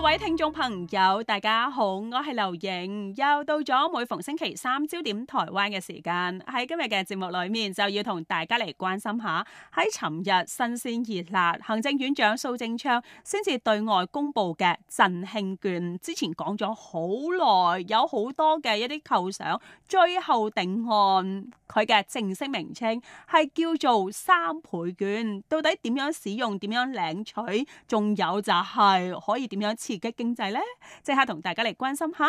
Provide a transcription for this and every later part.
各位聽眾朋友，大家好，我係劉瑩，又到咗每逢星期三焦點台灣嘅時間。喺今日嘅節目裏面，就要同大家嚟關心下喺尋日新鮮熱辣，行政院長蘇貞昌先至對外公布嘅振興券。之前講咗好耐，有好多嘅一啲構想，最後定案佢嘅正式名稱係叫做三倍券。到底點樣使用？點樣領取？仲有就係可以點樣？刺激經濟咧，即刻同大家嚟關心下。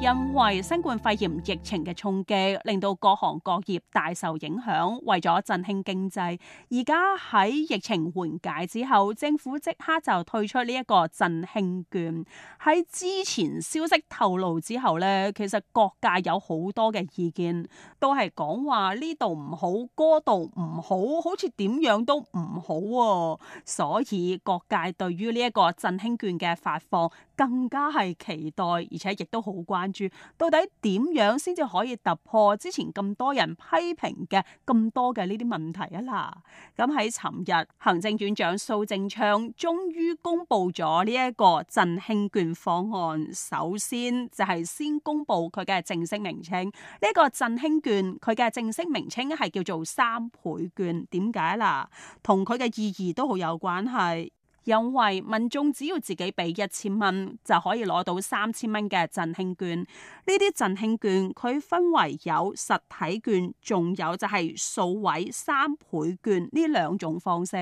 因為新冠肺炎疫情嘅衝擊，令到各行各業大受影響。為咗振興經濟，而家喺疫情緩解之後，政府即刻就推出呢一個振興券。喺之前消息透露之後呢，其實各界有好多嘅意見，都係講話呢度唔好，嗰度唔好，好似點樣都唔好喎。所以各界對於呢一個振興券嘅發放，更加係期待，而且亦都好關住到底點樣先至可以突破之前咁多人批評嘅咁多嘅呢啲問題啊啦？咁喺尋日，行政院長蘇貞昌終於公布咗呢一個振興券方案。首先就係先公布佢嘅正式名稱，呢個振興券佢嘅正式名稱係叫做三倍券。點解啦？同佢嘅意義都好有關係。因為民眾只要自己俾一千蚊就可以攞到三千蚊嘅振興券，呢啲振興券佢分為有實體券，仲有就係數位三倍券呢兩種方式。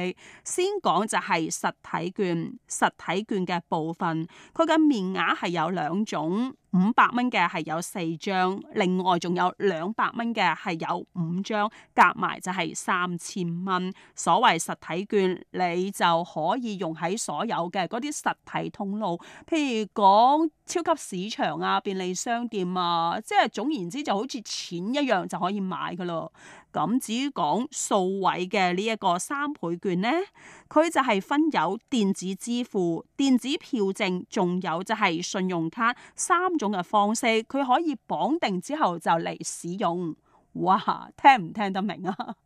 先講就係實體券，實體券嘅部分，佢嘅面額係有兩種。五百蚊嘅係有四張，另外仲有兩百蚊嘅係有五張，夾埋就係三千蚊。所謂實體券，你就可以用喺所有嘅嗰啲實體通路，譬如講超級市場啊、便利商店啊，即係總言之就好似錢一樣就可以買㗎咯。咁至於講數位嘅呢一個三倍券呢，佢就係分有電子支付、電子票證，仲有就係信用卡三種嘅方式，佢可以綁定之後就嚟使用。哇，聽唔聽得明啊？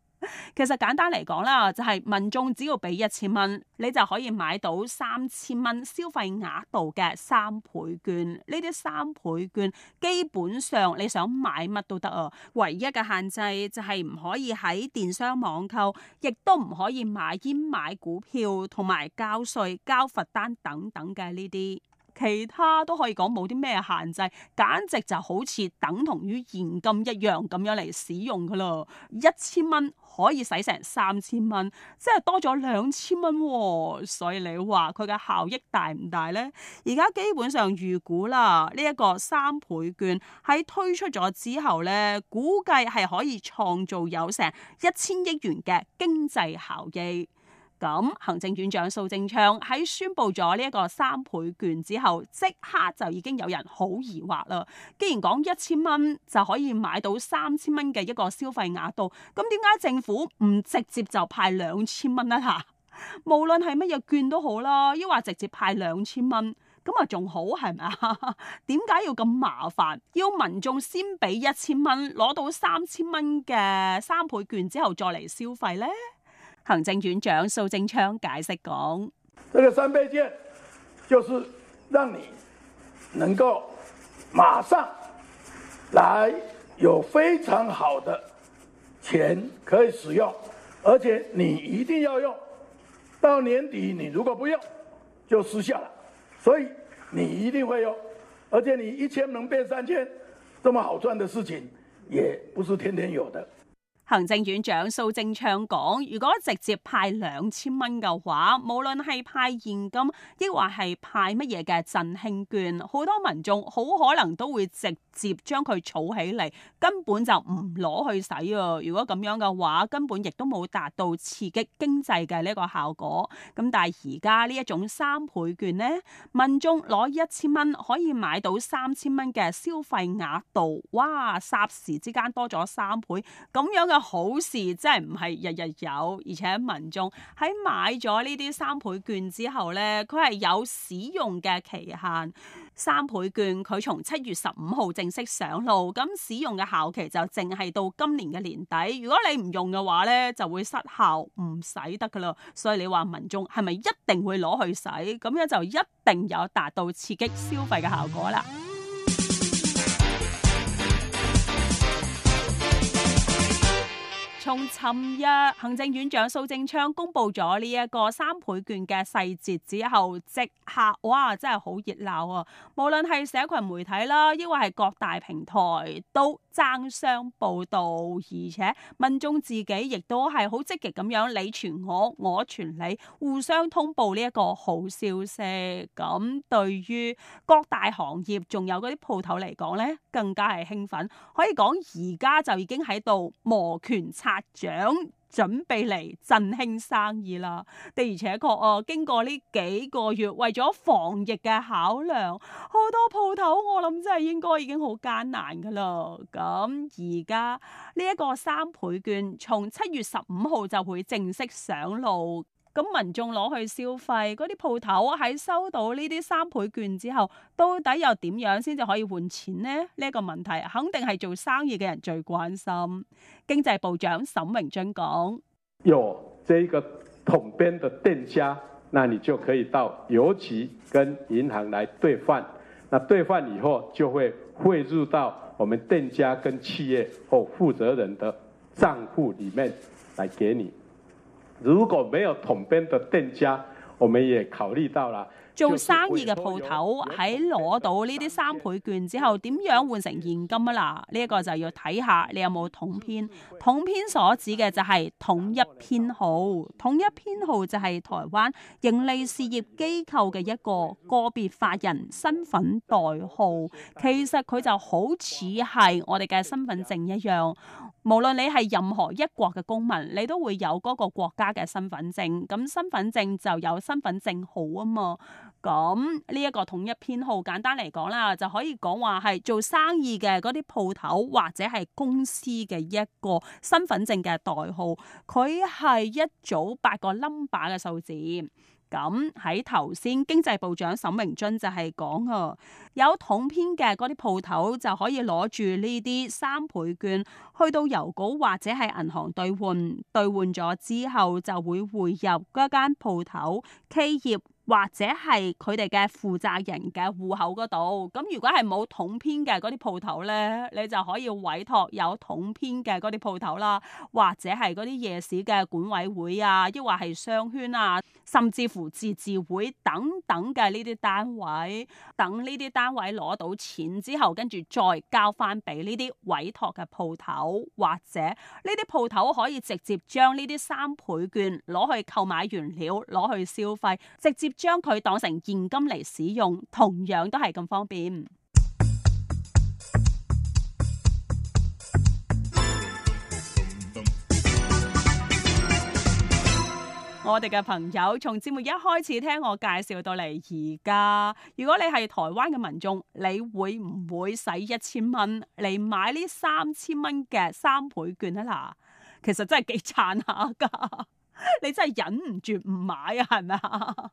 其實簡單嚟講啦，就係民眾只要俾一千蚊，你就可以買到三千蚊消費額度嘅三倍券。呢啲三倍券基本上你想買乜都得啊，唯一嘅限制就係唔可以喺電商網購，亦都唔可以買煙、買股票同埋交稅、交罰單等等嘅呢啲。其他都可以講冇啲咩限制，簡直就好似等同於現金一樣咁樣嚟使用噶咯。一千蚊可以使成三千蚊，即係多咗兩千蚊喎。所以你話佢嘅效益大唔大呢？而家基本上預估啦，呢一個三倍券喺推出咗之後呢，估計係可以創造有成一千億元嘅經濟效益。咁行政院長蘇貞昌喺宣布咗呢一個三倍券之後，即刻就已經有人好疑惑啦。既然講一千蚊就可以買到三千蚊嘅一個消費額度，咁點解政府唔直接就派兩千蚊呢？吓？無論係乜嘢券都好啦，要話直接派兩千蚊咁啊，仲好係咪啊？點解要咁麻煩？要民眾先俾一千蚊攞到三千蚊嘅三倍券之後再嚟消費呢？行政院長蘇貞昌解釋講，這個三倍券就是讓你能夠馬上來有非常好的錢可以使用，而且你一定要用，到年底你如果不用，就失效了。所以你一定會用，而且你一千能變三千，這麼好賺的事情，也不是天天有的。行政院長蘇貞昌講，如果直接派兩千蚊嘅話，無論係派現金，抑或係派乜嘢嘅振興券，好多民眾好可能都會直接將佢儲起嚟，根本就唔攞去使啊！如果咁樣嘅話，根本亦都冇達到刺激經濟嘅呢個效果。咁但係而家呢一種三倍券咧，民眾攞一千蚊可以買到三千蚊嘅消費額度，哇！霎時之間多咗三倍，咁樣嘅。好事真係唔係日日有，而且民眾喺買咗呢啲三倍券之後呢，佢係有使用嘅期限。三倍券佢從七月十五號正式上路，咁使用嘅效期就淨係到今年嘅年底。如果你唔用嘅話呢，就會失效，唔使得㗎喇。所以你話民眾係咪一定會攞去使？咁樣就一定有達到刺激消費嘅效果啦。仲尋日行政院長蘇貞昌公布咗呢一個三倍券嘅細節之後即刻哇，真係好熱鬧啊，無論係社群媒體啦，抑或係各大平台，都爭相報導，而且民眾自己亦都係好積極咁樣你傳我，我傳你，互相通報呢一個好消息。咁對於各大行業仲有嗰啲鋪頭嚟講咧，更加係興奮，可以講而家就已經喺度摩拳擦獎準備嚟振興生意啦，的而且確哦、啊，經過呢幾個月為咗防疫嘅考量，好多鋪頭我諗真係應該已經好艱難噶啦。咁而家呢一個三倍券，從七月十五號就會正式上路。咁民眾攞去消費，嗰啲鋪頭喺收到呢啲三倍券之後，到底又點樣先至可以換錢呢？呢、這、一個問題肯定係做生意嘅人最關心。經濟部長沈榮津講：，有這個同邊的店家，那你就可以到郵局跟銀行來兌換，那兌換以後就會匯入到我們店家跟企業或負責人的賬戶裡面來給你。如果沒有統編的店家，我們也考慮到了。做生意嘅鋪頭喺攞到呢啲三倍券之後，點樣換成現金啊？嗱，呢一個就要睇下你有冇統編。統編所指嘅就係統一編號，統一編號就係台灣營利事業機構嘅一個個別法人身份代號。其實佢就好似係我哋嘅身份證一樣。無論你係任何一國嘅公民，你都會有嗰個國家嘅身份證。咁身份證就有身份證號啊嘛。咁呢一個統一編號，簡單嚟講啦，就可以講話係做生意嘅嗰啲鋪頭或者係公司嘅一個身份證嘅代號。佢係一組八個冧把嘅數字。咁喺頭先經濟部長沈榮津就係講啊，有統編嘅嗰啲鋪頭就可以攞住呢啲三倍券去到郵局或者係銀行兌換，兌換咗之後就會匯入嗰間鋪頭企業或者係佢哋嘅負責人嘅戶口嗰度，咁如果係冇統編嘅嗰啲鋪頭呢，你就可以委託有統編嘅嗰啲鋪頭啦，或者係嗰啲夜市嘅管委會啊，亦或係商圈啊，甚至乎自治會等等嘅呢啲單位，等呢啲單位攞到錢之後，跟住再交翻俾呢啲委託嘅鋪頭，或者呢啲鋪頭可以直接將呢啲三倍券攞去購買原料，攞去消費，直接。將佢當成現金嚟使用，同樣都係咁方便。 我哋嘅朋友從節目一開始聽我介紹到嚟，而家如果你係台灣嘅民眾，你會唔會使一千蚊嚟買呢三千蚊嘅三倍券啊？嗱，其實真係幾慘下噶， 你真係忍唔住唔買啊？係咪啊？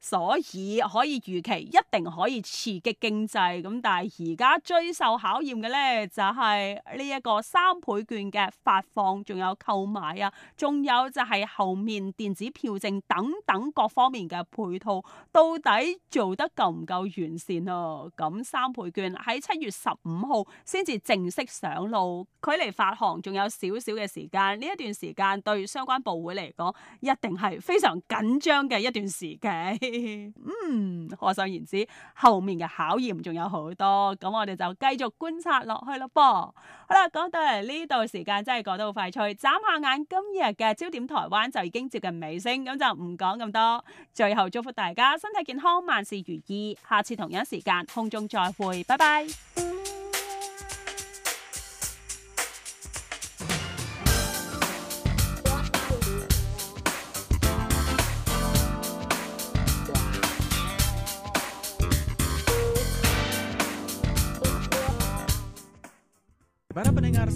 所以可以預期一定可以刺激經濟咁，但係而家最受考驗嘅咧就係呢一個三倍券嘅發放，仲有購買啊，仲有就係後面電子票證等等各方面嘅配套，到底做得夠唔夠完善啊？咁三倍券喺七月十五號先至正式上路，距離發行仲有少少嘅時間，呢一,一段時間對相關部會嚟講，一定係非常緊張嘅一段時。 嗯，可想而知，後面嘅考驗仲有好多，咁我哋就繼續觀察落去咯噃。好啦，講到嚟，呢度時間真係過得好快脆，眨下眼今日嘅焦點台灣就已經接近尾聲，咁就唔講咁多。最後祝福大家身體健康，萬事如意。下次同樣時間空中再會，拜拜。